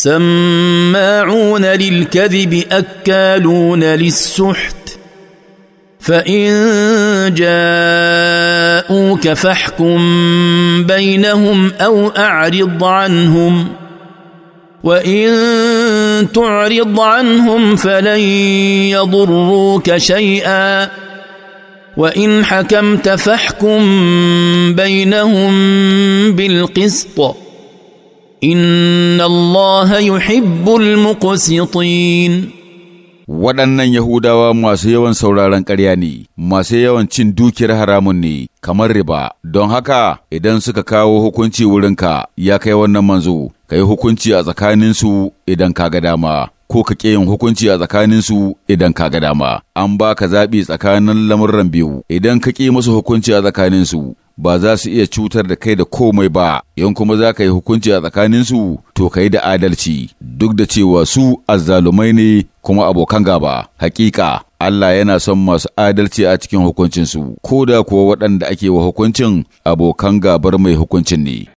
سماعون للكذب اكالون للسحت فان جاءوك فاحكم بينهم او اعرض عنهم وان تعرض عنهم فلن يضروك شيئا وان حكمت فاحكم بينهم بالقسط ان الله الله يحب المقسطين waɗannan Yahudawa masu yawan sauraron ƙarya ne, masu yawan cin dukiyar haramun ne, kamar riba, don haka idan suka kawo hukunci wurinka ya kai wannan manzo, ka yi hukunci a tsakaninsu idan ka ga dama. ko ka ƙe yin hukunci a tsakaninsu idan ka ga dama. An ba ka zaɓi tsakanin lamuran biyu, idan ka ƙi masu hukunci a tsakaninsu, ba za su iya cutar da kai da komai ba, Yan kuma za ka yi hukunci a tsakaninsu, to ka yi da adalci, duk da cewa su azzalumai ne kuma abokan gaba. Hakika, Allah yana son masu adalci a cikin hukuncinsu, ko da kuwa waɗanda ake wa hukuncin abokan gabar mai hukuncin ne.